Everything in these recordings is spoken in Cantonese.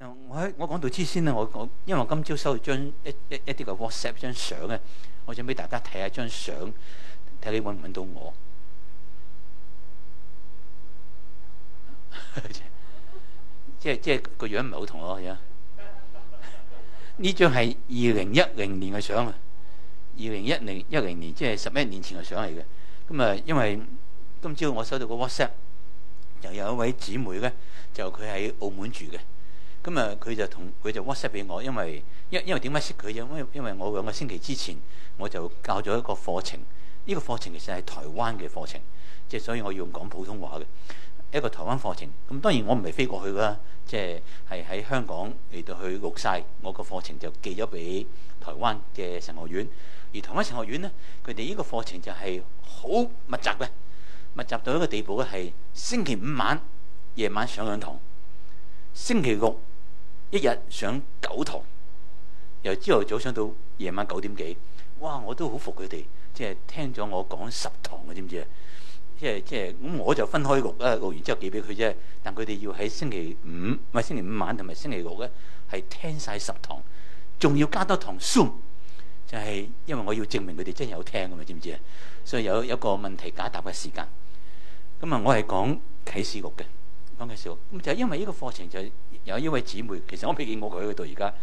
我喺我講到之先啦，我我因為我今朝收到張一一啲嘅 WhatsApp 張相咧，我想俾大家睇下張相，睇你揾唔揾到我， 即係即個樣唔係好同我，樣呢張係二零一零年嘅相啊，二零一零一零年2010，即係十一年前嘅相嚟嘅。咁啊，因為今朝我收到個 WhatsApp，就有一位姊妹呢，就佢喺澳門住嘅。咁啊，佢就同佢就 WhatsApp 俾我，因為因因為點解識佢？因因為我兩個星期之前我就教咗一個課程，呢個課程其實係台灣嘅課程，即係所以我要講普通話嘅一個台灣課程。咁當然我唔係飛過去啦，即係係喺香港嚟到去錄晒我個課程，就寄咗俾台灣嘅神學院。而台灣神學院咧，佢哋呢個課程就係好密集嘅，密集到一個地步咧，係星期五晚夜晚上兩堂，星期六。一日上九堂，由朝頭早上上到夜晚九點幾，哇！我都好服佢哋，即係聽咗我講十堂嘅，知唔知啊？即係即係咁，我就分開錄啦，錄完之後寄俾佢啫。但佢哋要喺星期五，咪星期五晚同埋星期六咧，係聽晒十堂，仲要加多堂 Zoom，就係因為我要證明佢哋真係有聽㗎嘛，知唔知啊？所以有有一個問題解答嘅時間。咁啊，我係講啟示錄嘅，講啟示錄咁就係因為呢個課程就是。有一位姊妹，其實我未見過佢喺度。而家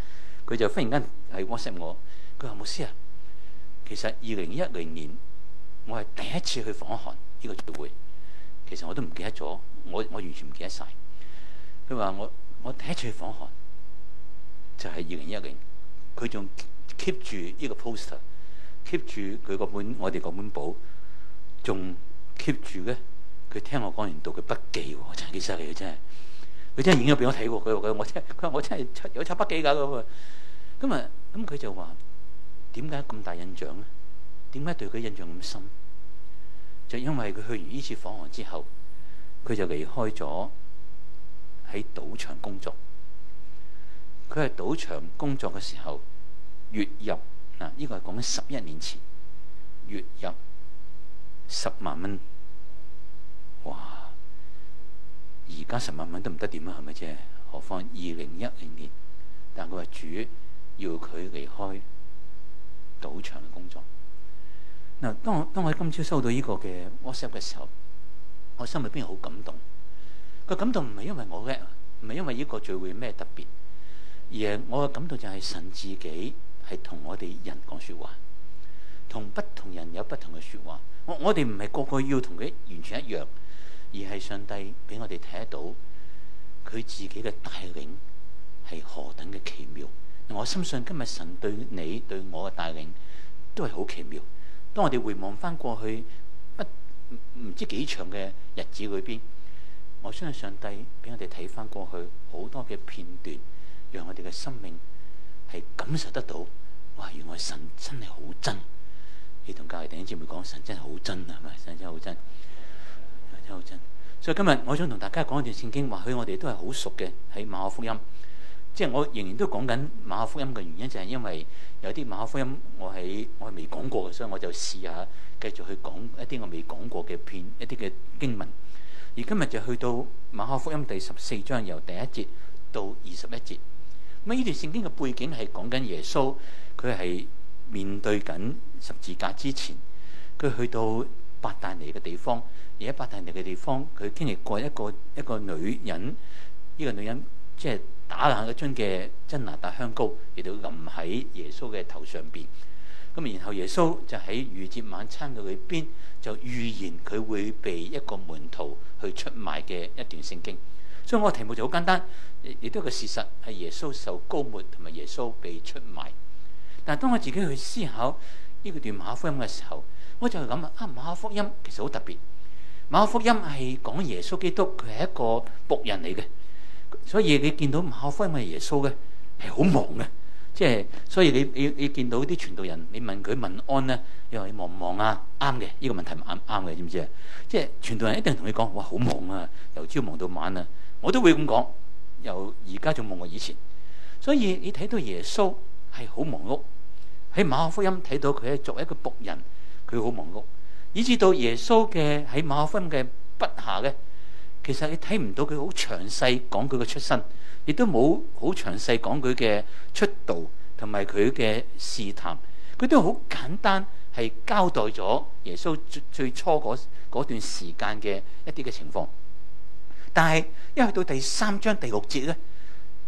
佢就忽然間係 WhatsApp 我，佢話牧師啊，其實二零一零年我係第一次去訪韓呢個聚會，其實我都唔記得咗，我我完全唔記得晒。佢話我我第一次去訪韓就係二零一零，佢仲 keep 住呢個 poster，keep 住佢嗰本我哋嗰本簿，仲 keep 住咧，佢聽我講完到佢筆記喎，真係幾犀利嘅，真係。佢真係影咗俾我睇過，佢佢我真係，佢話我真係出有出筆記㗎咁啊！咁佢就話：點解咁大印象咧？點解對佢印象咁深？就因為佢去完呢次訪韓之後，佢就離開咗喺賭場工作。佢喺賭場工作嘅時候，月入嗱，呢、這個係講緊十一年前，月入十萬蚊。哇！而家十萬蚊都唔得點啊，係咪啫？何況二零一零年，但佢話主要佢離開賭場嘅工作。嗱，當我當我喺今朝收到呢個嘅 WhatsApp 嘅時候，我心入邊好感動。個感動唔係因為我嘅，唔係因為呢個聚會咩特別，而係我嘅感動就係神自己係同我哋人講說話，同不同人有不同嘅說話。我我哋唔係個個要同佢完全一樣。而係上帝俾我哋睇得到，佢自己嘅帶領係何等嘅奇妙。我深信今日神對你對我嘅帶領都係好奇妙。當我哋回望翻過去不唔知幾長嘅日子裏邊，我相信上帝俾我哋睇翻過去好多嘅片段，讓我哋嘅生命係感受得到。哇！原來神真係好真。你同教義弟兄姐妹講，神真係好真啊，係咪？神真係好真。真真，所以今日我想同大家講一段聖經，或許我哋都係好熟嘅，喺馬可福音，即係我仍然都講緊馬可福音嘅原因就係因為有啲馬可福音我喺我係未講過嘅，所以我就試下繼續去講一啲我未講過嘅片一啲嘅經文。而今日就去到馬可福音第十四章由第一節到二十一節。咁呢段聖經嘅背景係講緊耶穌佢係面對緊十字架之前，佢去到八大尼嘅地方。而喺伯大尼嘅地方，佢經歷過一個一個女人。呢、這個女人即係打爛一樽嘅真拿達香膏，亦都淋喺耶穌嘅頭上邊。咁然後耶穌就喺逾節晚餐嘅裏邊，就預言佢會被一個門徒去出賣嘅一段聖經。所以我個題目就好簡單，亦都係個事實係耶穌受膏抹同埋耶穌被出賣。但係當我自己去思考呢個段馬福音嘅時候，我就係諗啊，馬福音其實好特別。馬可福音係講耶穌基督，佢係一個僕人嚟嘅，所以你見到馬可福音係耶穌嘅，係好忙嘅，即係所以你你你見到啲傳道人，你問佢問安咧，又你話你忙唔忙啊？啱嘅，呢、這個問題唔啱啱嘅，知唔知啊？即係傳道人一定同你講，哇好忙啊，由朝忙到晚啊，我都會咁講，由而家仲忙過以前，所以你睇到耶穌係好忙碌，喺馬可福音睇到佢係作為一個僕人，佢好忙碌。以至到耶穌嘅喺馬可分嘅筆下嘅，其實你睇唔到佢好詳細講佢嘅出身，亦都冇好詳細講佢嘅出道同埋佢嘅試探。佢都好簡單係交代咗耶穌最最初嗰段時間嘅一啲嘅情況。但係一去到第三章第六節呢，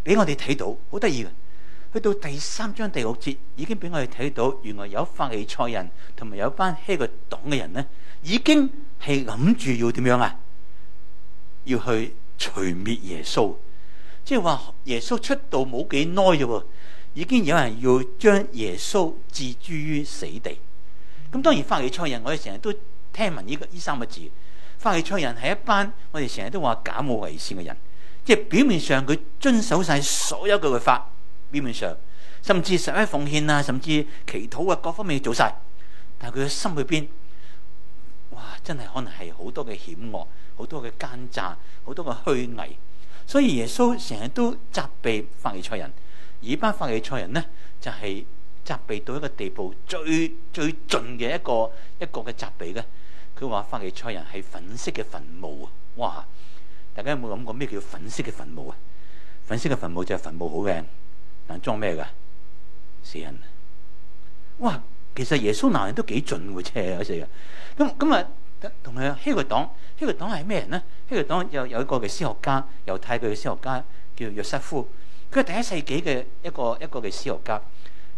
俾我哋睇到好得意嘅。去到第三章第六節，已經俾我哋睇到，原來有一班法利賽人同埋有一班希律黨嘅人咧，已經係諗住要點樣啊？要去除滅耶穌，即係話耶穌出道冇幾耐啫，已經有人要將耶穌置諸於死地。咁當然，法利賽人，我哋成日都聽聞呢個呢三個字。法利賽人係一班我哋成日都話假冒偽善嘅人，即係表面上佢遵守晒所有佢嘅法。表面上，甚至實質奉獻啊，甚至祈禱啊，各方面做晒。但係佢嘅心裏邊，哇！真係可能係好多嘅險惡，好多嘅奸詐，好多嘅虛偽，所以耶穌成日都責備法利賽人。而班法利賽人呢，就係、是、責備到一個地步最最盡嘅一個一個嘅責備呢。佢話法利賽人係粉色嘅墳墓啊！哇！大家有冇諗過咩叫粉色嘅墳墓啊？粉色嘅墳墓就係墳墓好靚。但裝咩噶死人啊！哇，其實耶穌男人都幾準喎，即係嗰時咁咁啊，同佢希律黨，希律黨係咩人呢？希律黨有有一個嘅史學家，猶太嘅史學家叫約瑟夫，佢係第一世紀嘅一個一個嘅史學家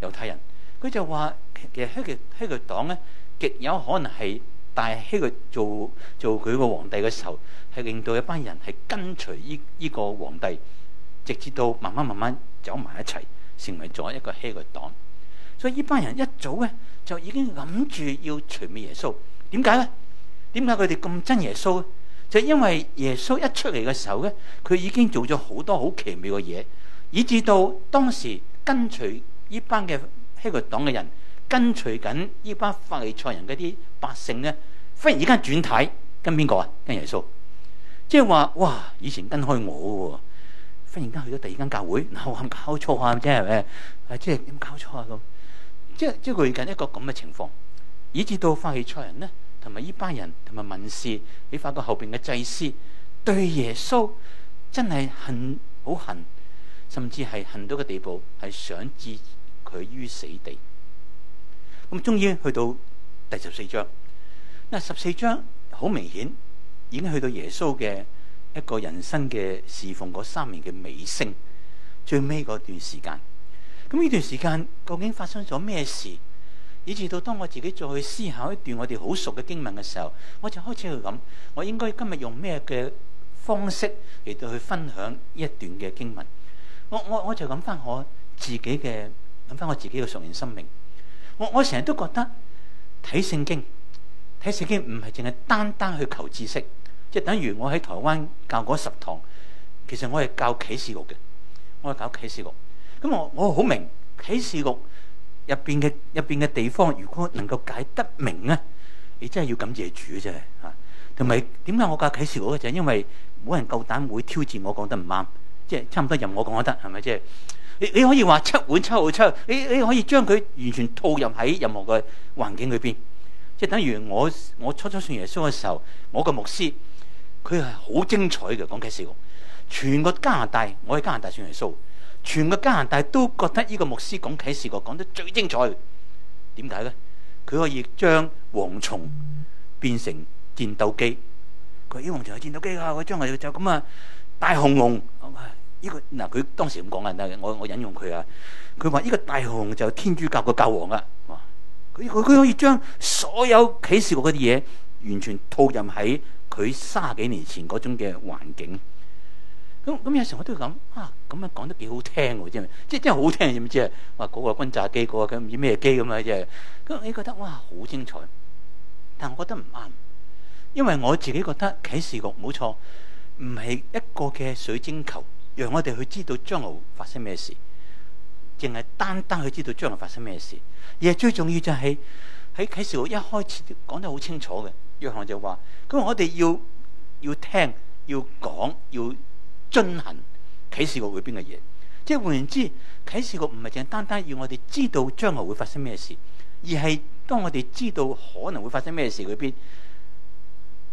猶太人，佢就話其實希律希律黨咧極有可能係大希律做做佢個皇帝嘅時候，係令到一班人係跟隨依依個皇帝，直至到慢慢慢慢，走埋一齊，成為咗一個希律黨，所以呢班人一早咧就已經諗住要除滅耶穌。點解咧？點解佢哋咁憎耶穌？就因為耶穌一出嚟嘅時候咧，佢已經做咗好多好奇妙嘅嘢，以至到當時跟隨呢班嘅希律黨嘅人，跟隨緊呢班法利賽人嗰啲百姓咧，忽然而家轉軚，跟邊個啊？跟耶穌，即係話哇，以前跟開我。忽然間去咗第二間教會，嗱我搞錯啊，即係咩？即係點搞錯啊？咁即係即係最近一個咁嘅情況，以至到法利賽人呢，同埋呢班人，同埋民事，你發覺後邊嘅祭司對耶穌真係恨，好恨，甚至係恨到嘅地步，係想置佢於死地。咁終於去到第十四章，嗱十四章好明顯已經去到耶穌嘅。一個人生嘅侍奉嗰三年嘅尾聲，最尾嗰段時間，咁呢段時間究竟發生咗咩事？以至到當我自己再去思考一段我哋好熟嘅經文嘅時候，我就開始去諗，我應該今日用咩嘅方式嚟到去分享一段嘅經文。我我我就諗翻我自己嘅，諗翻我自己嘅屬靈生命。我我成日都覺得睇聖經，睇聖經唔係淨係單單去求知識。即係等於我喺台灣教嗰十堂，其實我係教啟示錄嘅，我係搞啟示錄。咁我我好明啟示錄入邊嘅入邊嘅地方，如果能夠解得明咧，你真係要感謝主嘅啫嚇。同埋點解我教啟示錄嘅就係因為冇人夠膽會挑戰我講得唔啱，即係差唔多任我講得得，係咪即係？你你可以話七碗七號七號，你你可以將佢完全套入喺任何嘅環境裏面。即係等於我我初初信耶穌嘅時候，我個牧師。佢係好精彩嘅講啟示錄，全個加拿大，我喺加拿大算係數，全個加拿大都覺得呢個牧師講啟示錄講得最精彩。點解咧？佢可以將蝗蟲變成戰鬥機。佢話：呢個蝗蟲係戰鬥機啊！佢將佢就咁啊，大紅龍。呢個嗱，佢當時咁講啊，得我我引用佢啊。佢話：呢個大紅就係天主教嘅教皇啊。佢佢佢可以將所有啟示錄嗰啲嘢完全套入喺。佢卅幾年前嗰種嘅環境，咁咁有時候我都會咁啊，咁啊講得幾好聽喎，即係即係真係好聽，知唔知啊？話嗰個軍炸機，嗰個叫咩機咁啊？即係咁，你覺得哇，好精彩，但我覺得唔啱，因為我自己覺得啟示錄冇錯，唔係一個嘅水晶球，讓我哋去知道將來發生咩事，淨係單單去知道將來發生咩事，而最重要就係喺啟示錄一開始講得好清楚嘅。約翰就話：咁我哋要要聽、要講、要遵行啟示錄裏邊嘅嘢。即係換言之，啟示錄唔係淨係單單要我哋知道將來會發生咩事，而係當我哋知道可能會發生咩事嗰邊，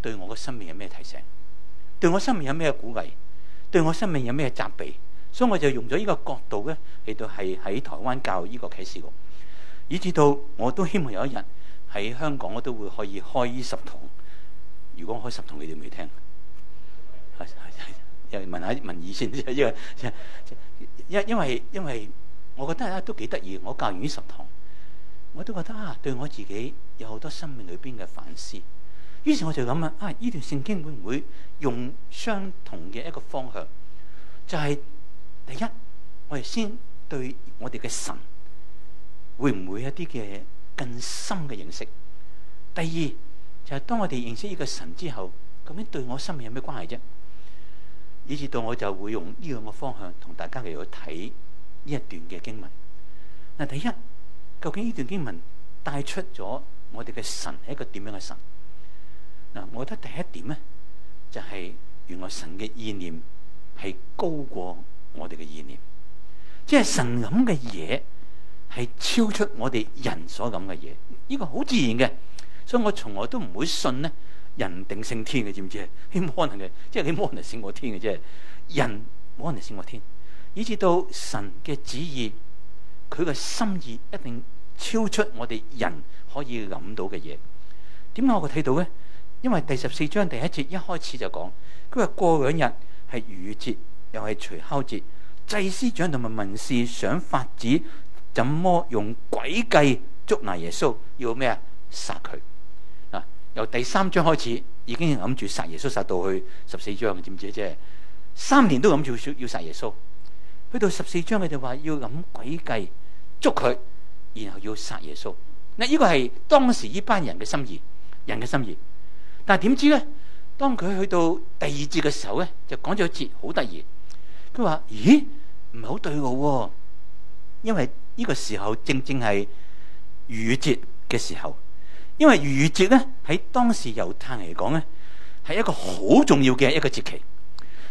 對我嘅生命有咩提醒，對我生命有咩鼓勵，對我生命有咩責備。所以我就用咗呢個角度咧嚟到係喺台灣教育呢個啟示錄，以至到我都希望有一日。喺香港我都會可以開呢十堂。如果我開十堂，你哋未聽？係係又問下民意先，因為因因為因為我覺得都幾得意。我教完呢十堂，我都覺得啊，對我自己有好多生命裏邊嘅反思。於是我就諗啊，啊呢段聖經會唔會用相同嘅一個方向？就係、是、第一，我哋先對我哋嘅神，會唔會一啲嘅？更深嘅認識。第二就係、是，當我哋認識呢個神之後，究竟對我生命有咩關係啫？以至到我就會用呢兩個方向同大家嚟去睇呢一段嘅經文。嗱，第一究竟呢段經文帶出咗我哋嘅神係一個點樣嘅神？嗱，我覺得第一點咧就係原來神嘅意念係高過我哋嘅意念，即係神咁嘅嘢。係超出我哋人所諗嘅嘢，呢、這個好自然嘅，所以我從來都唔會信咧，人定勝天嘅，知唔知希，你冇可能嘅，即係你冇人能勝我天嘅，即係人冇可能勝我天，以至到神嘅旨意，佢嘅心意一定超出我哋人可以諗到嘅嘢。點解我會睇到咧？因為第十四章第一節一開始就講，佢話過兩日係逾越節，又係除酵節，祭司長同埋文士想法子。怎麼用詭計捉拿耶穌？要咩啊？殺佢啊！由第三章開始已經諗住殺耶穌，殺到去十四章，知唔知啫？三年都諗住要要殺耶穌，去到十四章佢哋話要諗詭計捉佢，然後要殺耶穌。嗱，呢個係當時呢班人嘅心意，人嘅心意。但係點知咧？當佢去到第二節嘅時候咧，就講咗一節好突然，佢話：咦，唔係好對噶、啊，因為。呢個時候正正係逾越節嘅時候，因為逾越節咧喺當時猶太人嚟講咧，係一個好重要嘅一個節期。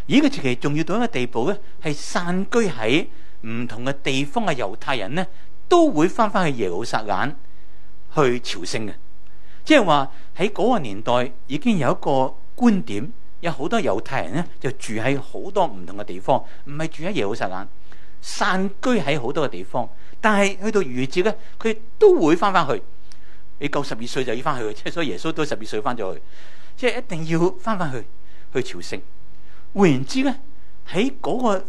而呢個節期重要到一個地步咧，係散居喺唔同嘅地方嘅猶太人咧，都會翻翻去耶路撒冷去朝聖嘅。即係話喺嗰個年代已經有一個觀點，有好多猶太人咧就住喺好多唔同嘅地方，唔係住喺耶路撒冷，散居喺好多嘅地方。但係去到逾節咧，佢都會翻翻去。你夠十二歲就要翻去，即係所以耶穌都十二歲翻咗去，即係一定要翻翻去去朝聖。換言之咧，喺嗰個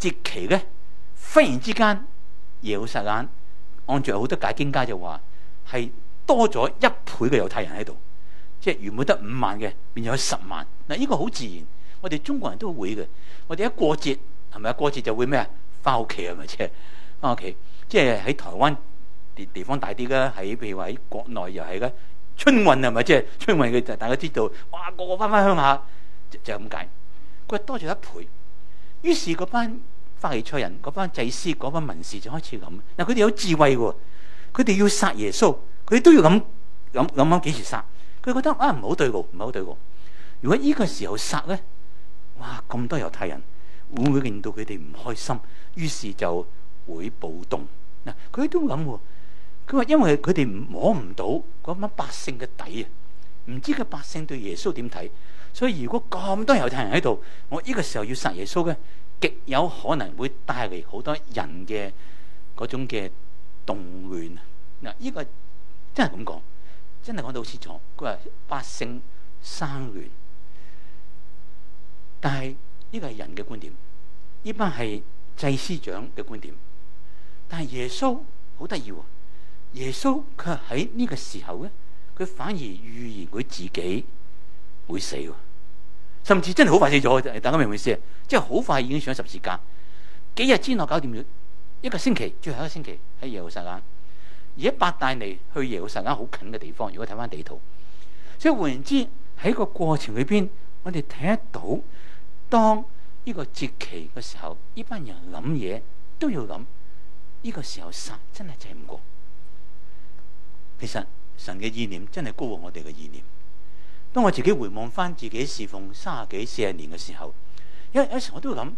節期咧，忽然之間，耶路撒冷按住好多解經家就話係多咗一倍嘅猶太人喺度，即係原本得五萬嘅變咗十萬嗱。呢個好自然，我哋中國人都會嘅。我哋一過節係咪一過節就會咩啊？翻屋企係咪即係？翻屋企。即係喺台灣地地方大啲啦，喺譬如話喺國內又係啦。春運係咪即係春運嘅？大家知道，哇，個個翻返鄉下，就咁解。佢、就是、多咗一倍，於是嗰班法利賽人、嗰班祭司、嗰班文士就開始諗。嗱，佢哋有智慧喎，佢哋要殺耶穌，佢都要咁諗，諗翻幾時殺？佢覺得啊，唔好對過，唔好對過。如果呢個時候殺咧，哇，咁多猶太人會唔會令到佢哋唔開心？於是就會暴動。嗱，佢都諗，佢話，因為佢哋摸唔到嗰班百姓嘅底啊，唔知嘅百姓對耶穌點睇，所以如果咁多猶太人喺度，我呢個時候要殺耶穌嘅，極有可能會帶嚟好多人嘅嗰種嘅動亂啊！嗱，呢個真係咁講，真係講到好清楚。佢話百姓生亂，但係呢個係人嘅觀點，呢班係祭司長嘅觀點。但係耶穌好得意喎，耶穌佢喺呢個時候咧，佢反而預言佢自己會死，甚至真係好快死咗。大家明唔明意思啊？即係好快已經上十字架，幾日之內搞掂咗，一個星期，最後一個星期喺耶路撒冷，而伯大尼去耶路撒冷好近嘅地方。如果睇翻地圖，即係換言之喺個過程裏邊，我哋睇到當呢個節期嘅時候，呢班人諗嘢都要諗。呢個時候神真係濟唔過，其實神嘅意念真係高過我哋嘅意念。當我自己回望翻自己侍奉三十幾四十年嘅時候，有有時我都會諗：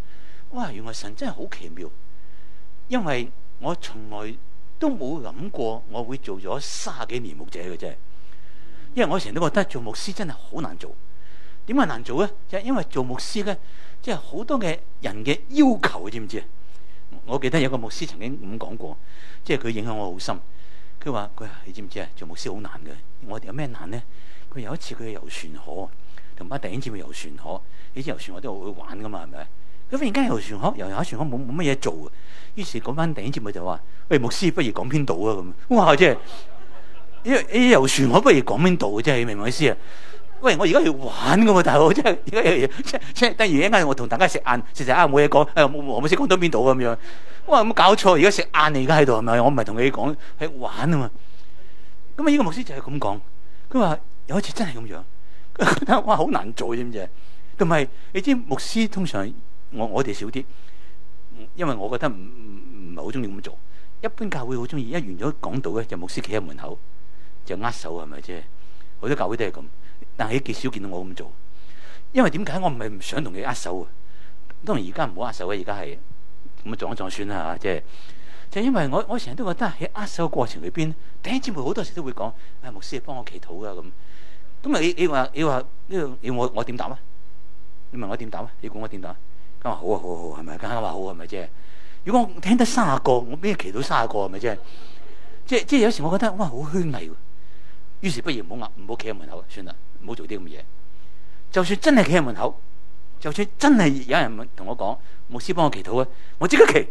哇！原來神真係好奇妙，因為我從來都冇諗過我會做咗三十幾年牧者嘅啫。因為我成日都覺得做牧師真係好難做，點解難做咧？就係、是、因為做牧師咧，即係好多嘅人嘅要求，知唔知啊？我記得有個牧師曾經咁講過，即係佢影響我好深。佢話佢話你知唔知啊？做牧師好難嘅。我哋有咩難咧？佢有一次佢去遊船河同班弟兄接住遊船河。你知遊船河都好玩噶嘛？係咪？佢忽然間遊船河遊游下船河冇冇乜嘢做。於是嗰班弟兄接咪就話：喂、哎，牧師不如講篇道啊！咁哇，即係因為 A 遊船河不如講篇道嘅，真係你明唔明意思啊？喂是我大家吃吃吃、哎，我而家要玩㗎嘛，大佬即係而家又即即。等完一間，我同大家食晏，食食晏冇嘢講，誒冇我冇知講到邊度咁樣。我話冇搞錯，而家食晏嚟，而家喺度係咪？我唔係同你講喺玩啊嘛。咁啊，呢個牧師就係咁講。佢話有一次真係咁樣，我話好難做啫，同埋你知牧師通常我我哋少啲，因為我覺得唔唔唔係好中意咁做。一般教會好中意，一完咗講道咧就牧師企喺門口就握手係咪啫？好多教會都係咁。但係幾少見到我咁做，因為點解我唔係唔想同佢握手啊？當然而家唔好握手啊！而家係咁撞一撞算啦即係就係、因為我我成日都覺得喺握手嘅過程裏邊，弟兄姊妹好多時都會講：啊、哎，牧師幫我祈禱㗎咁。咁啊，你你話你話呢個要我我點答啊？你問我點答啊？你估我點答？咁話好啊，好啊，好啊，係咪？咁話好啊，係咪啫？如果我聽得三十個，我邊你祈到三十個係咪啫？即即、就係就係、有時我覺得哇好虛偽，於是不如唔好唔好企喺門口，啊，算啦。唔好做啲咁嘅嘢。就算真係企喺門口，就算真係有人同我講，牧師幫我祈禱啊，我即刻祈，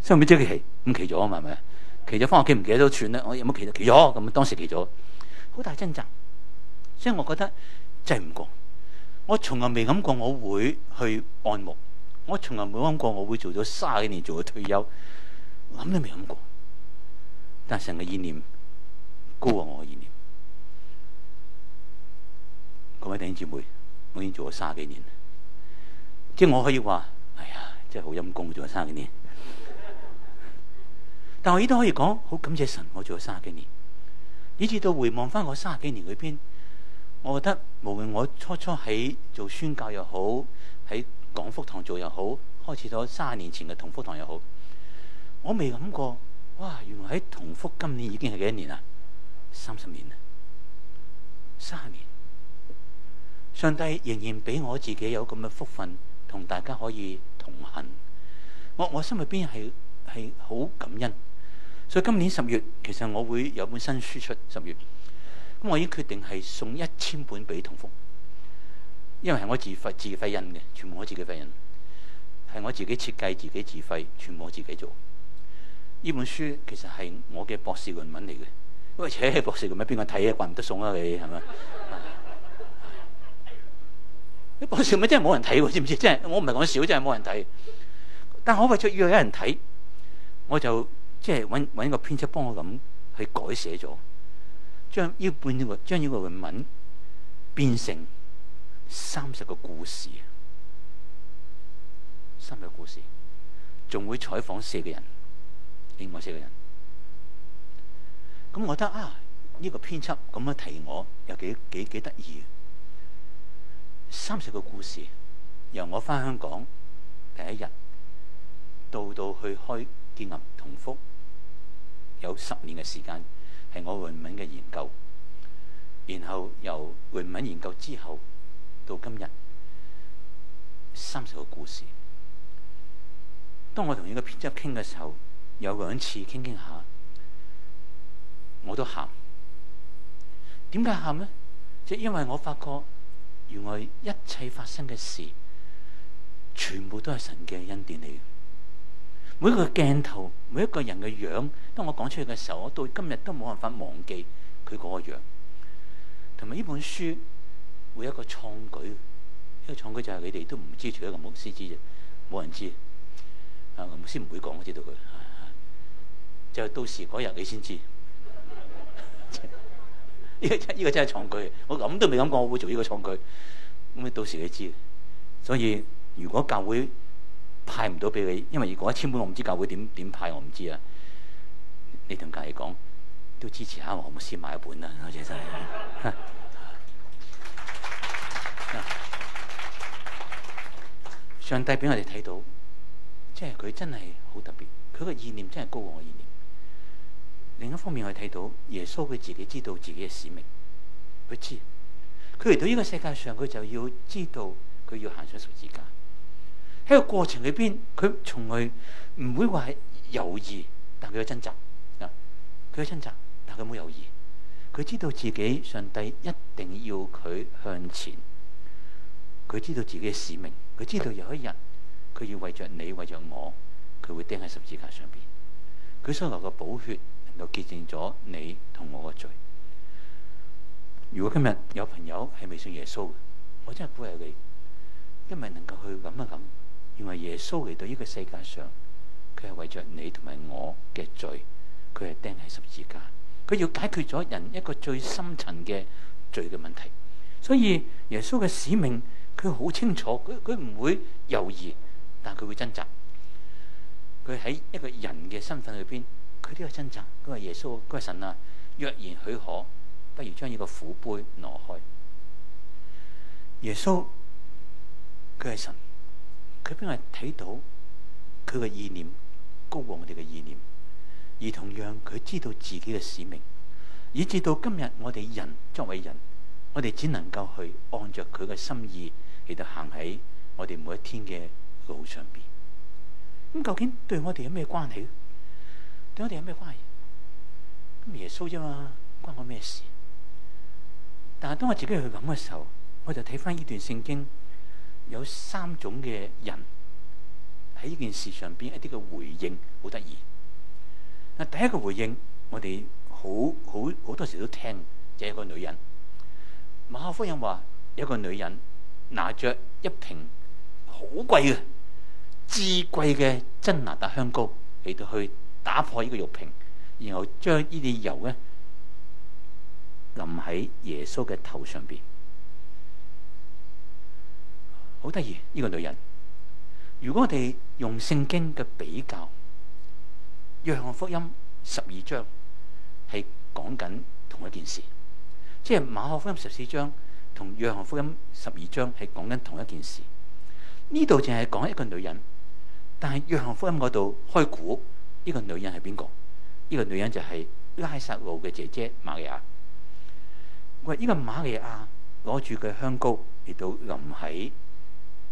所以咪即刻祈，咁祈咗啊嘛，係咪？祈咗翻屋企唔記得都算啦。我有冇祈到？祈咗咁，當時祈咗，好大掙扎。所以我覺得真係唔講。我從來未諗過我會去按摩，我從來冇諗過我會做咗卅幾年做嘅退休，諗都未諗過，但神嘅意念高過我嘅意念。各位弟兄姊妹，我已經做咗卅幾年了，即係我可以話，哎呀，真係好陰功，做咗卅幾年。 但我亦都可以講，好感謝神，我做咗卅幾年。以至到回望翻我卅幾年裏邊，我覺得無論我初初喺做宣教又好，喺港福堂做又好，開始咗卅年前嘅同福堂又好，我未諗過，哇！原來喺同福今年已經係幾多年啦？三十年啦，卅年。上帝仍然俾我自己有咁嘅福分，同大家可以同行。我我心入邊係係好感恩，所以今年十月其實我會有本新書出十月。咁我已經決定係送一千本俾同福，因為係我自費自費印嘅，全部我自己費印，係我自己設計、自己自費，全部我自己做。呢本書其實係我嘅博士論文嚟嘅，喂，且博士論文邊個睇啊？怪唔得送啦，你係咪？ 你講少咩？真係冇人睇喎，知唔知？真係我唔係講笑，真係冇人睇。但係好出，運，有有人睇，我就即係搵一個編輯幫我咁去改寫咗，將呢半呢個將呢個文變成三十個故事，三十個故事，仲會採訪四個人，另外四個人。咁我覺得啊，呢、呢個編輯咁樣提我又，又幾幾幾得意。三十個故事，由我返香港第一日到到去開建立同福，有十年嘅時間係我論文嘅研究，然後由論文研究之後到今日，三十個故事。當我同呢個編輯傾嘅時候，有兩次傾傾下，我都喊。點解喊呢？就係因為我發覺。原來一切發生嘅事，全部都係神嘅恩典嚟。每一個鏡頭，每一個人嘅樣，當我講出去嘅時候，我到今日都冇辦法忘記佢嗰個樣。同埋呢本書，有會一個創舉。一個創舉就係你哋都唔知，除咗個牧師知啫，冇人知。啊，牧師唔會講我知道佢。就到時嗰日你先知。 呢、這個這個真呢個真係創舉，我諗都未諗過，我會做呢個創舉。咁啊，到時你知。所以如果教會派唔到俾你，因為如果一千本我唔知教會點點派我唔知，我唔知啊。你同教會講，都支持下我，我先買一本啦，或者真係。 上帝俾我哋睇到，即係佢真係好特別，佢嘅意念真係高過我意念。另一方面，我睇到耶穌佢自己知道自己嘅使命，佢知佢嚟到呢個世界上，佢就要知道佢要行上十字架。喺個過程裏邊，佢從來唔會話係猶豫，但佢有掙扎啊，佢有掙扎，但佢冇猶豫。佢知道自己上帝一定要佢向前，佢知道自己嘅使命，佢知道有一日，人，佢要為着你，為着我，佢會釘喺十字架上邊。佢所流嘅寶血。就結定咗你同我嘅罪。如果今日有朋友係未信耶穌嘅，我真係鼓勵你，因為能夠去諗一諗，原來耶穌嚟到呢個世界上，佢係為著你同埋我嘅罪，佢係釘喺十字架，佢要解決咗人一個最深層嘅罪嘅問題。所以耶穌嘅使命，佢好清楚，佢佢唔會猶豫，但佢會掙扎。佢喺一個人嘅身份裏邊。佢都有掙扎。佢話：耶穌，佢係神啊，若然許可，不如將呢個苦杯挪開。耶穌佢係神，佢邊係睇到佢嘅意念高過我哋嘅意念，而同樣佢知道自己嘅使命，以至到今日我哋人作為人，我哋只能夠去按着佢嘅心意嚟到行喺我哋每一天嘅路上面。咁究竟對我哋有咩關係？佢哋有咩關係？咁耶穌啫嘛，關我咩事？但係當我自己去諗嘅時候，我就睇返呢段聖經，有三種嘅人喺呢件事上邊一啲嘅回應好得意。嗱，第一個回應我哋好好好多時都聽，即係個女人馬可福音話：有一個女人拿着一瓶好貴嘅、至貴嘅真哪噠香膏嚟到去。打破呢個玉瓶，然後將這些呢啲油咧，淋喺耶穌嘅頭上邊，好得意呢個女人。如果我哋用聖經嘅比較，約翰福音十二章係講緊同一件事，即係馬可福音十四章同約翰福音十二章係講緊同一件事。呢度淨係講一個女人，但係約翰福音嗰度開估。呢個女人係邊個？呢個女人就係拉撒路嘅姐姐瑪利亞。我話呢個瑪利亞攞住嘅香膏嚟，到淋喺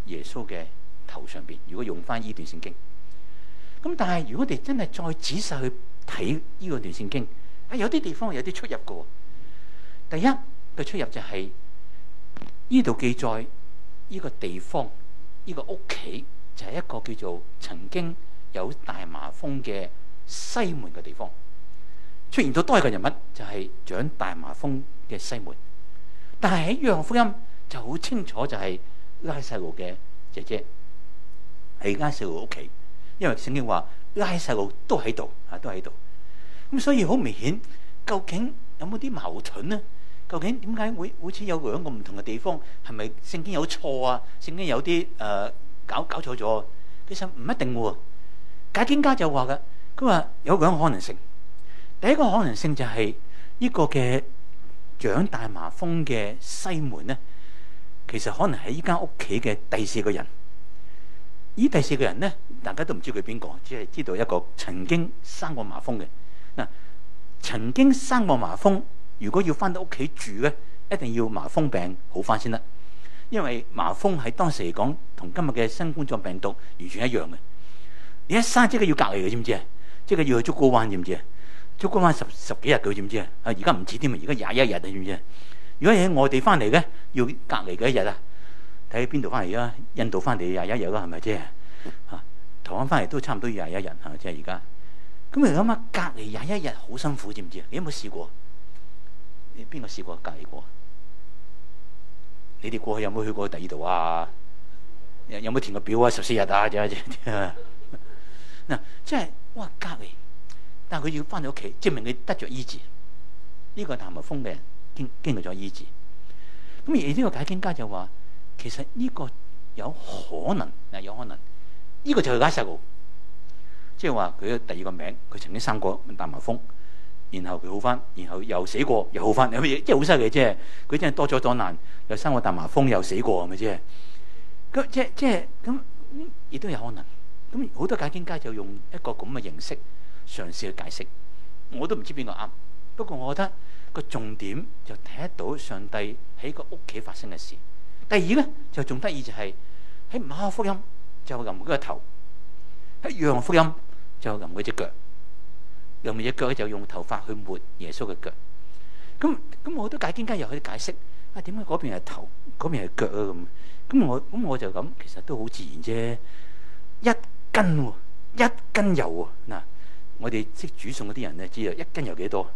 耶穌嘅頭上邊。如果用翻呢段聖經，咁但係如果你真係再仔細去睇呢個段聖經，啊有啲地方有啲出入嘅。第一嘅出入就係呢度記載呢個地方呢個屋企就係一個叫做曾經有大麻風嘅西門嘅地方出現到多一個人物，就係長大麻風嘅西門。但係喺《約翰福音》就好清楚，就係拉撒路嘅姐姐喺拉撒路屋企，因為聖經話拉撒路都喺度啊，都喺度咁，所以好明顯，究竟有冇啲矛盾呢？究竟點解會好似有兩個唔同嘅地方，係咪聖經有錯啊？聖經有啲誒、呃、搞搞錯咗？其實唔一定喎。解經家就話嘅，佢話有兩個可能性。第一個可能性就係、是、呢個嘅長大麻風嘅西門呢，其實可能係呢間屋企嘅第四個人。呢第四個人呢，大家都唔知佢邊個，只係知道一個曾經生過麻風嘅。嗱，曾經生過麻風，如果要翻到屋企住咧，一定要麻風病好翻先得，因為麻風喺當時嚟講，同今日嘅新冠狀病毒完全一樣嘅。你一生即刻要隔離嘅，知唔知啊？即係要去竹篙灣，知唔知啊？竹篙灣十十幾日佢知唔知啊？啊，而家唔止添啊，而家廿一日知唔知啊？如果喺外地翻嚟嘅，要隔離幾多日啊？睇邊度翻嚟啊？印度翻嚟廿一日咯，係咪啫？啊，台灣翻嚟都差唔多廿一日，係咪啫？而家咁你諗下，隔離廿一日好辛苦，知唔知啊？你有冇試過？你邊個試過隔離過？你哋過去有冇去過第二度啊？有冇填個表啊？十四日啊，即 嗱、啊，即係哇，隔離，但係佢要返到屋企，證明佢得咗醫治。呢、這個大麻風病人經經歷咗醫治。咁而呢個解經家就話，其實呢個有可能，嗱、啊、有可能，呢、這個就係拉撒路，即係話佢嘅第二個名，佢曾經生過大麻風，然後佢好返，然後又死過又好返，有乜嘢？即係好犀利，即係佢真係多災多難，又生過大麻風又死過，咪即係？咁即係即係咁，亦、嗯、都有可能。咁好多解經家就用一個咁嘅形式嘗試去解釋，我都唔知邊個啱。不過我覺得個重點就睇得到上帝喺個屋企發生嘅事。第二咧就仲得意就係喺馬可福音就揼佢個頭，喺羊福音就揼佢隻腳，又咪隻腳就用頭髮去抹耶穌嘅腳。咁咁，好多解經家又去解釋啊，點解嗰邊係頭，嗰邊係腳啊？咁咁我咁我就咁，其實都好自然啫。一根一斤油嗱，我哋識煮餸嗰啲人咧，知道一斤油幾多？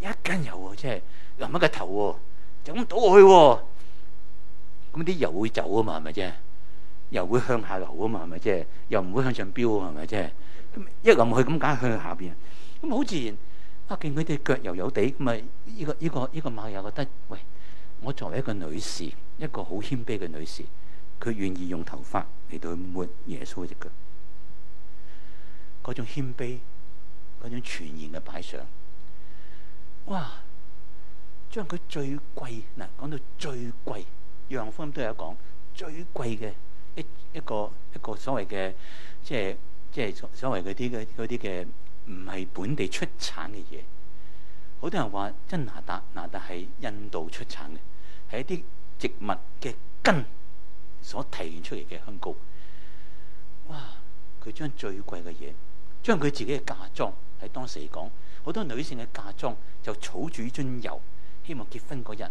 一斤油即係淋一個頭，就咁倒落去咁啲油會走啊嘛？係咪啫？油會向下流啊嘛？係咪啫？又唔會向上飆啊？係咪啫？一淋去咁梗向下邊咁好自然啊。見佢哋腳油油地咁啊，呢個呢個呢個馬又覺得喂，我作為一個女士，一個好謙卑嘅女士，佢願意用頭髮嚟到去抹耶穌嘅隻腳。嗰種謙卑，嗰種傳言嘅擺上，哇！將佢最貴，嗱，講到最貴，楊峯都有講最貴嘅一一個一個所謂嘅，即係即係所謂嗰啲嘅啲嘅唔係本地出產嘅嘢。好多人話，真哪噠，哪噠係印度出產嘅，係一啲植物嘅根所提出嚟嘅香膏。哇！佢將最貴嘅嘢。將佢自己嘅嫁妝，喺當時嚟講，好多女性嘅嫁妝就儲住一樽油，希望結婚嗰日，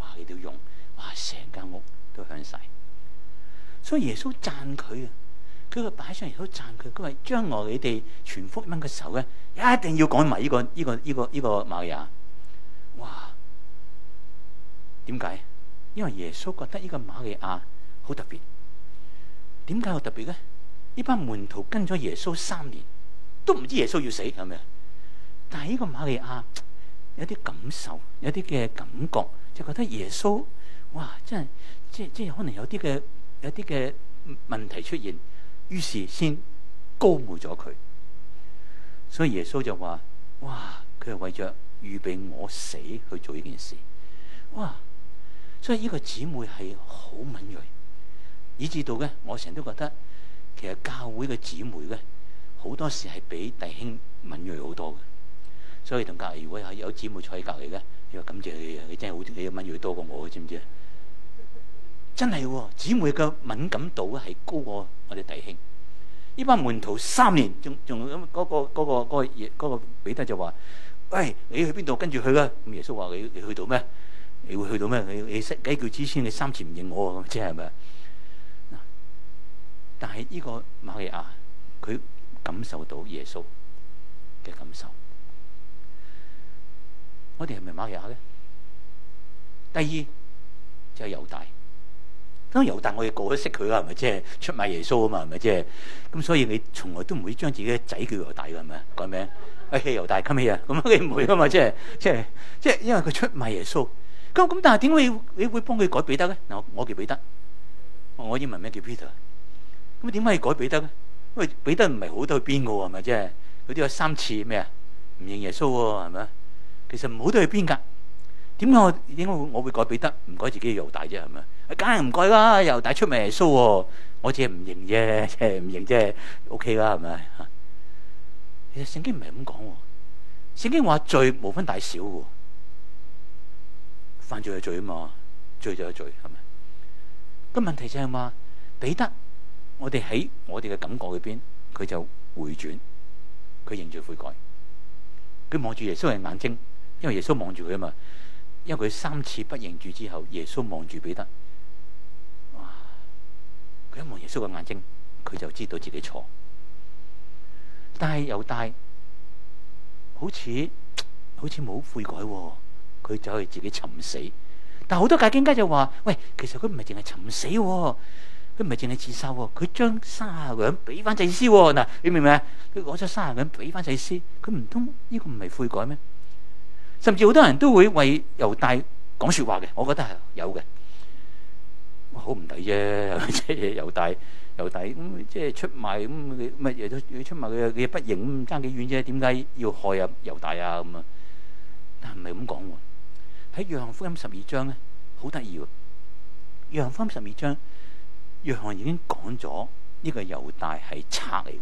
哇！要用，哇！成間屋都向晒，所以耶穌讚佢啊，佢話擺上嚟，都讚佢。佢話將來你哋全福音嘅時候，一定要講埋、呢、呢個呢、呢個呢、呢個呢、呢個瑪利亞。哇！點解？因為耶穌覺得呢個瑪利亞好特別。點解好特別咧？呢班門徒跟咗耶穌三年。都唔知耶穌要死係咪？但係呢個瑪利亞有啲感受，有啲嘅感覺，就覺得耶穌哇，真係即，即係可能有啲嘅有啲嘅問題出現，於是先高呼咗佢。所以耶穌就話，哇！佢係為咗預備我死去做呢件事。哇！所以呢個姊妹係好敏鋭，以至到嘅我成日都覺得其實教會嘅姊妹呢。好多時係比弟兄敏鋭好多嘅，所以同隔離，如果係有姊妹坐喺隔離咧，你話感謝佢，佢真係好你嘅敏鋭多過我，知唔知啊？真係姊妹嘅敏感度係高過我哋弟兄。呢班門徒三年仲仲咁嗰個嗰個嗰個嘢嗰個彼得就話：喂，你去邊度跟住去啦？咁耶穌話：你你去到咩？你會去到咩？你你識幾句之先？你三次唔認我咁，即係咪啊？但係呢個馬利亞佢。感受到耶穌嘅感受，我哋係咪馬雅咧？第二即係、就是、猶大，咁猶大我哋個個識佢啊，係咪即係出賣耶穌啊嘛？係咪即係咁？所以你從來都唔會將自己嘅仔叫猶大噶，係咪改名啊！嘿、 哎，猶大今啊，咁啊， 你唔會噶嘛？即係即係即係，因為佢出賣耶穌。咁咁，但係點解你會幫佢改彼得咧？嗱，我叫彼得，我英文名叫 Peter，咁點解要改彼得咧？喂，因為彼得唔係好得去邊噶，係咪即係？佢都有三次咩啊？唔認耶穌喎，係咪？其實唔好得去邊噶。點解我點解我會改彼得？唔改自己嘅猶大啫，係咪？梗係唔改啦，猶大出賣耶穌。我只係唔認啫，即係唔認啫。O K 啦，係咪？其實聖經唔係咁講。聖經話罪無分大小，犯罪係罪啊嘛，罪就係罪，係咪？個問題就係、是、話彼得。我哋喺我哋嘅感覺裏邊，佢就回轉，佢認罪悔改。佢望住耶穌嘅眼睛，因為耶穌望住佢啊嘛。因為佢三次不認主之後，耶穌望住彼得，佢一望耶穌嘅眼睛，佢就知道自己錯。但係又帶好似好似冇悔改，啊，佢走去自己尋死。但好多解經家就話：，喂，其實佢唔係淨係尋死，啊。佢唔係淨係自殺喎，佢將三十兩俾翻祭司嗱，你明唔明啊？佢攞咗三十兩俾翻祭司，佢唔通呢個唔係悔改咩？甚至好多人都會為猶大講説話嘅，我覺得係有嘅，好唔抵啫。即係猶大猶大咁，即係出賣咁乜出賣佢嘅不認，爭幾遠啫？點解要害啊猶大啊咁啊？但係唔係咁講喎？喺《約翰福音》十二章咧，好得意喎，《約翰福音》十二章。約翰已經講咗呢個猶大係賊嚟，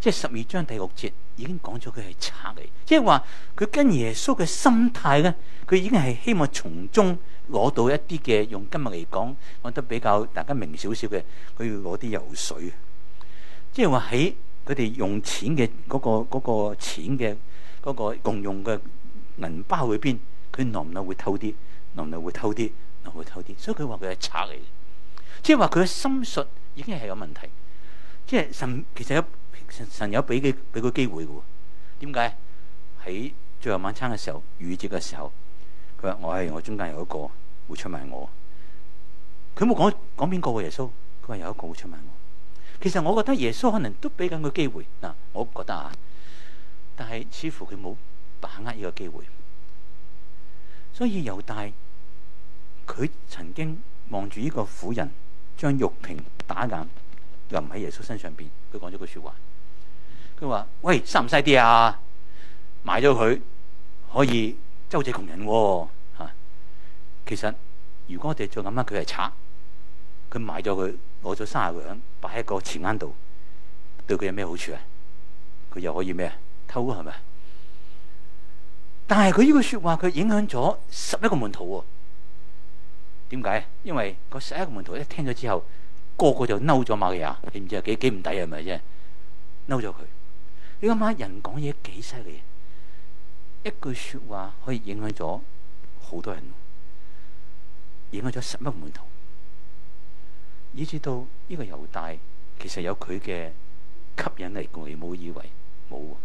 即係十二章第六節已經講咗佢係賊嚟，即係話佢跟耶穌嘅心態咧，佢已經係希望從中攞到一啲嘅，用今日嚟講，我覺得比較大家明少少嘅。佢要攞啲油水，即係話喺佢哋用錢嘅嗰個嗰個錢嘅嗰個共用嘅銀包裏邊，佢能唔能會偷啲？能唔能會偷啲？能，能會偷啲？所以佢話佢係賊嚟。即係話佢嘅心術已經係有問題，即係神其實有神，神有俾佢俾佢機會嘅，點解？喺最後晚餐嘅時候，逾越節嘅時候，佢話，我係我中間有一個會出賣我，佢冇講，講邊個？耶穌佢話有一個會出賣我。其實我覺得耶穌可能都俾緊佢機會嗱，我覺得啊，但係似乎佢冇把握呢個機會，所以猶大佢曾經望住呢個婦人。將玉瓶打爛淋喺耶穌身上邊，佢講咗句說話，佢話：喂，嘥唔嘥啲啊？賣咗佢可以周濟窮人喎，吓，其實如果我哋再諗返，佢係賊，佢賣咗佢攞咗卅兩擺喺個錢罌度，對佢有咩好處啊？佢又可以咩啊？偷係咪啊？但係佢呢句說話，佢影響咗十一個門徒喎，哦。點解？因為個十一個門徒一聽咗之後，個個就嬲咗馬利亞，你唔知啊幾幾唔抵啊，咪啫！嬲咗佢。你諗下人講嘢幾犀利，一句說話可以影響咗好多人，影響咗十一個門徒，以至到呢個猶大其實有佢嘅吸引力，佢冇以為冇、啊。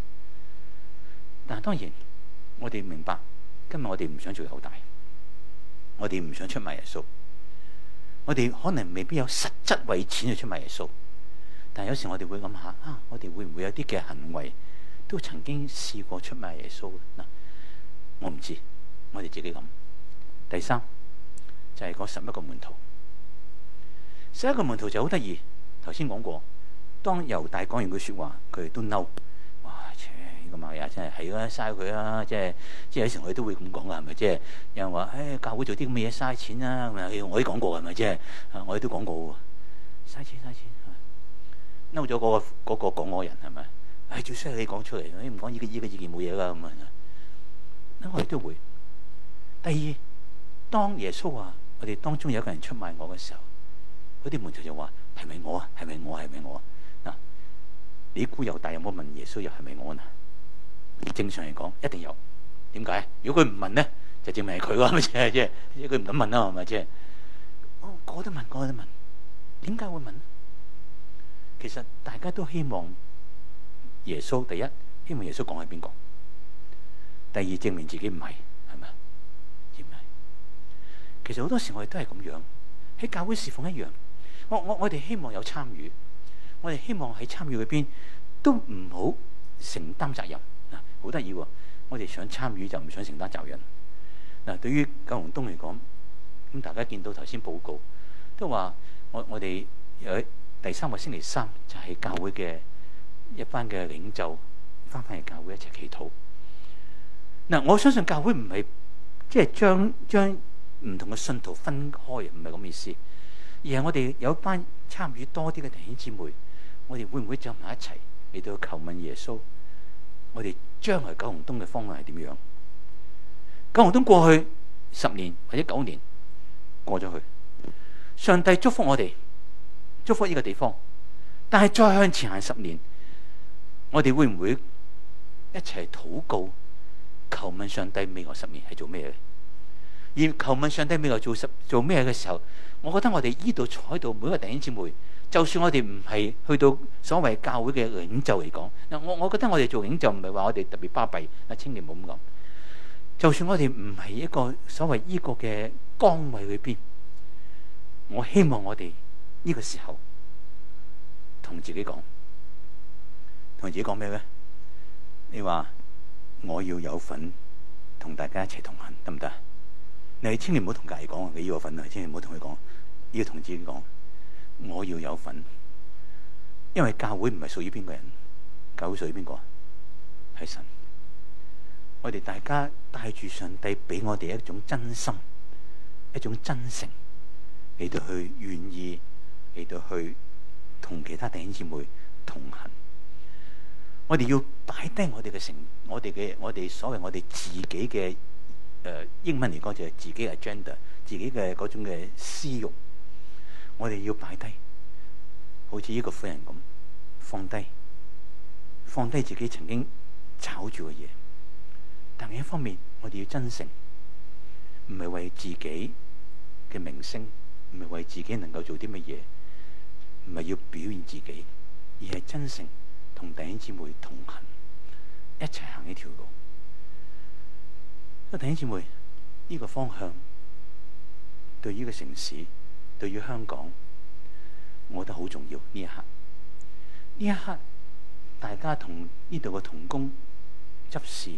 但係當然，我哋明白，今日我哋唔想做猶大。我哋唔想出賣耶穌，我哋可能未必有實質為錢去出賣耶穌，但係有時我哋會諗下啊，我哋會唔會有啲嘅行為都曾經試過出賣耶穌嗱？我唔知，我哋自己諗。第三就係、是、嗰十一個門徒，十一個門徒就好得意。頭先講過，當猶大講完句說話，佢哋都嬲。咁啊！又真係係啦，嘥佢啦，即係即係以前我哋都會咁講噶，係咪即係有人話誒教會做啲咁嘅嘢嘥錢啦咁啊！我都講過係咪即係我哋都講過嘅嘥錢嘥錢，嬲咗嗰個嗰個講、那個那個、我人係咪？唉、哎，最衰係你講出嚟，你唔講依個依個意見冇嘢啦咁啊！意意我哋都會。第二，當耶穌話我哋當中有一個人出賣我嘅時候，嗰啲門徒就話係咪我啊？係咪我，係咪我啊？你估又大有冇問耶穌又係咪我啊？正常嚟講一定有，點解？如果佢唔問呢，就證明係佢啊，咪即係即係，即係佢唔敢問啦，係咪即係？我我都問，我都問，點解會問咧？其實大家都希望耶穌第一希望耶穌講係邊個，第二證明自己唔係，係咪？係，其實好多時我哋都係咁樣喺教會侍奉一樣。我我我哋希望有參與，我哋希望喺參與裏邊都唔好承擔責任。好得意喎！我哋想參與就唔想承擔責任。嗱、啊，對於九龍東嚟講，咁大家見到頭先報告都話，我我哋第三個星期三就係、是、教會嘅一班嘅領袖翻返去教會一齊祈禱。嗱、啊，我相信教會唔係即係將將唔同嘅信徒分開，唔係咁意思，而係我哋有一班參與多啲嘅弟兄姊妹，我哋會唔會就埋一齊嚟到求問耶穌？我哋將來九龍東嘅方向係點樣？九龍東過去十年或者九年過咗去，上帝祝福我哋，祝福呢個地方。但係再向前行十年，我哋會唔會一齊禱告，求問上帝未來十年係做咩嘅？而求問上帝未來做十做咩嘅時候，我覺得我哋呢度坐喺度每一個弟兄姊妹。就算我哋唔係去到所謂教會嘅領袖嚟講，嗱，我我覺得我哋做領袖唔係話我哋特別巴閉，啊，千祈唔好咁講。就算我哋唔係一個所謂依個嘅崗位裏邊，我希望我哋呢個時候同自己講，同自己講咩咧？你話我要有份同大家一齊同行得唔得？你千祈唔好同隔離講，你要有份，你千祈唔好同佢講，要同自己講。我要有份，因為教會唔係屬於邊個人，教會屬於邊個啊？係神。我哋大家帶住上帝俾我哋一種真心、一種真誠，嚟到去願意嚟到去同其他弟兄姊妹同行。我哋要擺低我哋嘅成，我哋嘅我哋所謂我哋自己嘅，誒、呃、英文嚟講就係自己嘅 agenda，自己嘅嗰種嘅私欲。我哋要擺低，好似呢個婦人咁，放低，放低自己曾經炒住嘅嘢，但另一方面，我哋要真誠，唔係為自己嘅名聲，唔係為自己能夠做啲乜嘢，唔係要表現自己，而係真誠同弟兄姊妹同行，一齊行呢條路。咁弟兄姊妹，呢個方向對呢個城市，對於香港，我覺得好重要。呢一刻，呢一刻，大家同呢度嘅同工、執事、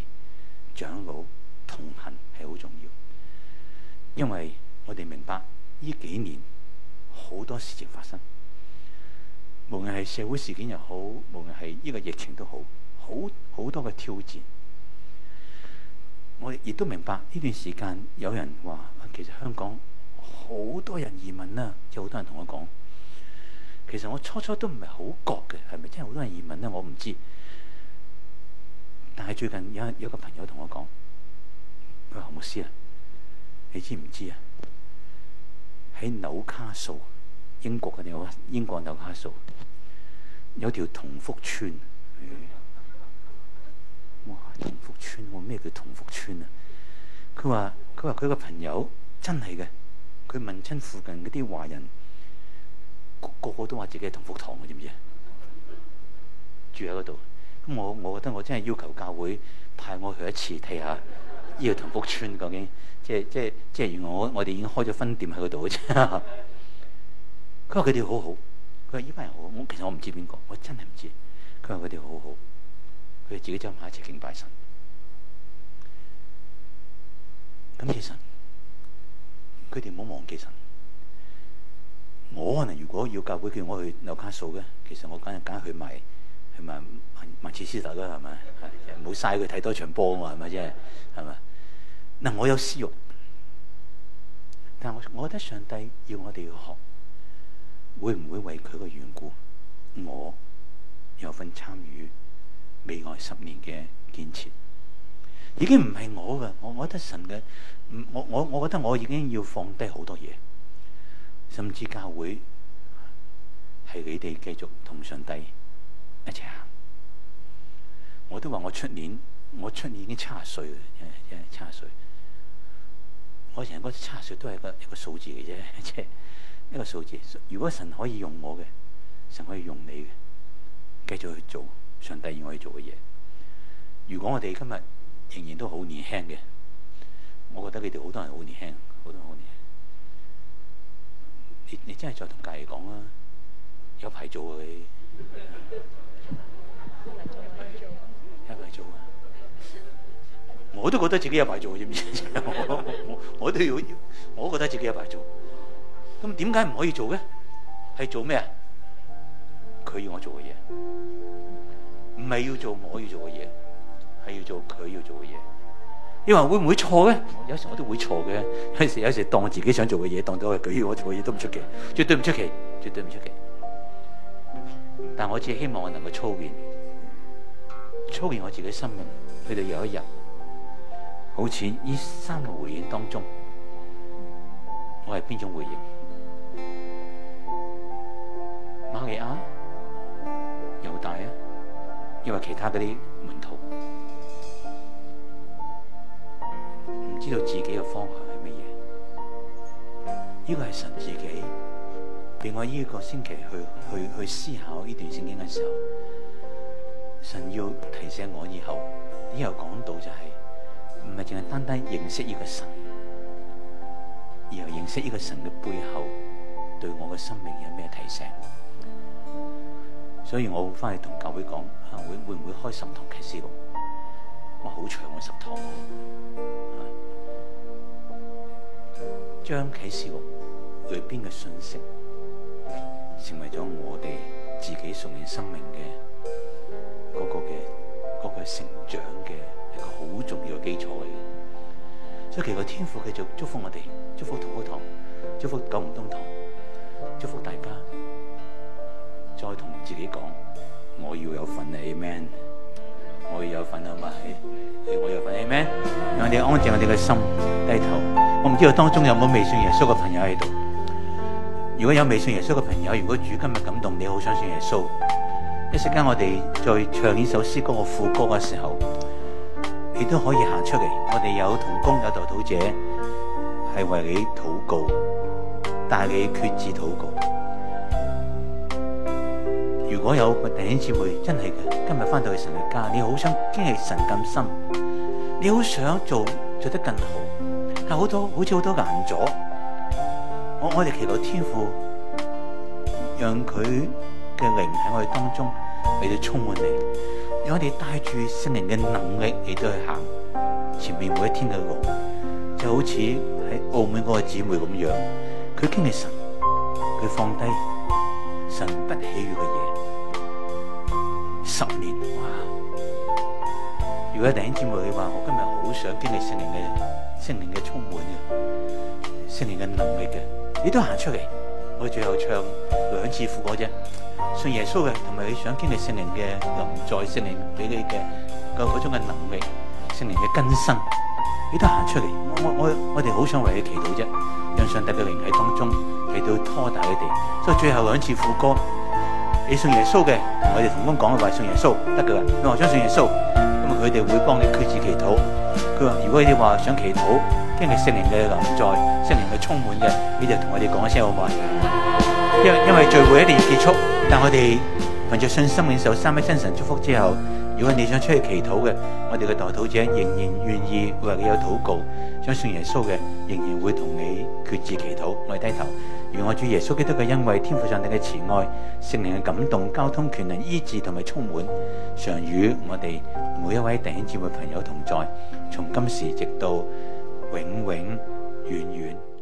長老同行係好重要，因為我哋明白呢幾年好多事情發生，無論係社會事件又好，無論係呢個疫情都好，好好多嘅挑戰。我亦都明白呢段時間有人話，其實香港。好多人移民啦，有好多人同我講，其實我初初都唔係好覺嘅，係咪？真係好多人移民咧，我唔知。但係最近有有一個朋友同我講，佢話何牧師啊，你知唔知啊？喺紐卡素英國嘅地方，英國紐卡素有條同福村、嗯。哇！同福村，我咩叫同福村啊？佢話佢話佢個朋友真係嘅。佢問親附近嗰啲華人，個個，個都話自己係同福堂嘅，知唔知啊？住喺嗰度，咁我我覺得我真係要求教會派我去一次睇下呢個同福村究竟，即係即係即係，原來我我哋已經開咗分店喺嗰度嘅啫。佢話佢哋好好，佢話依班人好，我其實我唔知邊個，我真係唔知。佢話佢哋好好，佢哋自己就埋一齊敬拜神。咁其實。佢哋唔好忘記神。我可能如果要教會叫我去紐卡素嘅，其實我簡簡去買去買曼徹斯特啦，係咪？唔好嘥佢睇多場波啊嘛，係咪啫？係咪？嗱，我有私欲。但係我我覺得上帝要我哋學，會唔會為佢嘅緣故，我有份參與未來十年嘅建設，已經唔係我嘅，我覺得神嘅。我我我覺得我已經要放低好多嘢，甚至教會係你哋繼續同上帝一齊行。我都話我出年我出年已經七十歲，七十歲，我成個七十歲都係個一個數字嘅啫，即係一個數字。如果神可以用我嘅，神可以用你嘅，繼續去做上帝要我去做嘅嘢。如果我哋今日仍然都好年輕嘅。我覺得你哋好多人好年輕，好多人好年輕。你你真係再同介意講啦，有排做啊！有排做啊！我都覺得自己有排做，知唔知。我都要，我都覺得自己有排做。咁點解唔可以做嘅？係做咩啊？佢要我做嘅嘢，唔係要做我要做嘅嘢，係要做佢要做嘅嘢。你話會唔會錯嘅？有時我都會錯嘅。有時有時當我自己想做嘅嘢，當咗去舉我做嘅嘢都唔出奇，絕對唔出奇，絕對唔出奇。但我只係希望我能夠操練，操練我自己的生命，去到有一日，好似呢三個回應當中，我係邊種回應？瑪利亞、猶大啊，因為其他嗰啲？知道自己嘅方向係乜嘢？呢、這個係神自己俾我呢個星期去去去思考呢段聖經嘅時候，神要提醒我以後，以後講到就係唔係淨係單單認識呢個神，而係認識呢個神嘅背後對我嘅生命有咩提醒？所以我會翻去同教會講，會會唔會開心同其笑？將啟示錄裏邊嘅信息，成為咗我哋自己屬靈生命嘅嗰個嘅個成長嘅一個好重要嘅基礎，所以祈求天父繼續祝福我哋，祝福同和堂，祝福九唔東堂，祝福大家，再同自己講，我要有份，起，man。我有份啊嘛，係我有份係咩？讓我哋安靜我哋嘅心，低頭。我唔知道當中有冇未信耶穌嘅朋友喺度。如果有未信耶穌嘅朋友，如果主今日感動你，好想信耶穌。一時間我哋再唱呢首詩歌嘅副歌嘅時候，你都可以行出嚟。我哋有同工有代禱者，係為你禱告，帶你決志禱告。如果有個弟兄姊妹真係嘅，今日翻到去神嘅家，你好想經歷神咁深，你好想做做得更好，但好多好似好多難咗，我我哋祈求天父，讓佢嘅靈喺我哋當中，嚟到充滿你，讓我哋帶住聖靈嘅能力，你都去行前面每一天嘅路，就好似喺澳美嗰個姊妹咁樣，佢經歷神，佢放低神不喜悅嘅嘢。十年哇！如果弟兄姊妹話我今日好想經歷聖靈嘅聖靈嘅充滿嘅聖靈嘅能力嘅，你都行出嚟。我最後唱兩次副歌啫。信耶穌嘅同埋你想經歷聖靈嘅臨在、聖靈俾你嘅個嗰種嘅能力、聖靈嘅更新，你都行出嚟。我我我哋好想為你祈禱啫，讓上帝嘅靈喺當中嚟到拖大佢哋。所以最後兩次副歌。你信耶穌嘅，我哋同工講嘅話信耶穌得嘅，你話想信耶穌，咁啊佢哋會幫你決志祈禱。佢話如果你話想祈禱，經歷聖靈嘅臨在、聖靈嘅充滿嘅，你就同我哋講一聲好唔好？因因為聚會一定要結束，但我哋憑着信心領受三一真神祝福之後。如果你想出去祈禱嘅，我哋嘅代禱者仍然願意，會話你有禱告；想信耶穌嘅，仍然會同你決志祈禱。我哋低頭，願我主耶穌基督嘅恩惠、天父上帝嘅慈愛、聖靈嘅感動、交通、權能、醫治同埋充滿，常與我哋每一位弟兄姊妹朋友同在，從今時直到永永遠遠。